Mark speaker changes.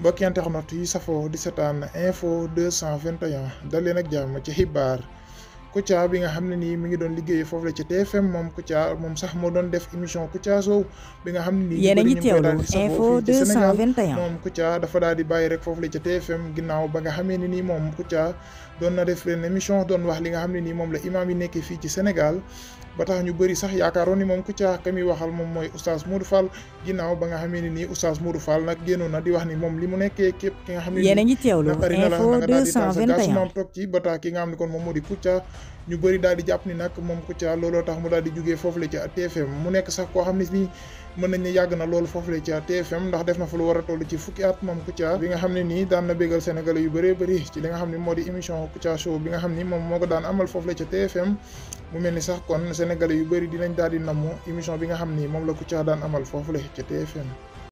Speaker 1: mbokki internet yi safoo di setaan info cent vingt dal leen nag jàmm ci xibaar Kouthia bi nga xam ne nii mu ngi doon liggéeyee foofu la ci TFM moom Kouthia moom sax moo doon def émission Kouthia Show bi nga xam ne nii yéen a ngi teewlu info 221 moom Kouthia dafa daal di bàyyi rek foofu la ci TFM ginnaaw ba nga xamee ne nii moom Kouthia doon na def benn émission doon wax li nga xam ne nii moom la imaam yi nekkee fii ci Sénégal ba ñu bëri sax yaakaaroon ni moom Kouthia ka muy waxal moom mooy oustaz Modou Fall ginnaaw ba nga xamee ne nii oustaz Modou Fall nag génnoon na di moom li mu nekkee képp ki a ngi teewlu info 221 moom toog ci ne kon moom moo di Kouthia ñu bëri di jàpp ni nag moom Kouthia looloo tax mu daal di jugee foofu la ci TFM mu nekk sax koo xam ne nii mën nañ ne yàgg na loolu foofu la ci TFM ndax def na fa lu war a toll ci fukki at moom Kouthia bi nga xam ne nii daan na bégal sénégalais yu bëree bëri ci li nga xam ne moo di émission Kouthia Show bi nga xam ni moom moo ko daan amal foofu la ca TFM mu mel ni sax kon sénégalais yu bëri dinañ daal di namm émission bi nga xam ni moom la ko Kouthia daan amal foofule ca TFM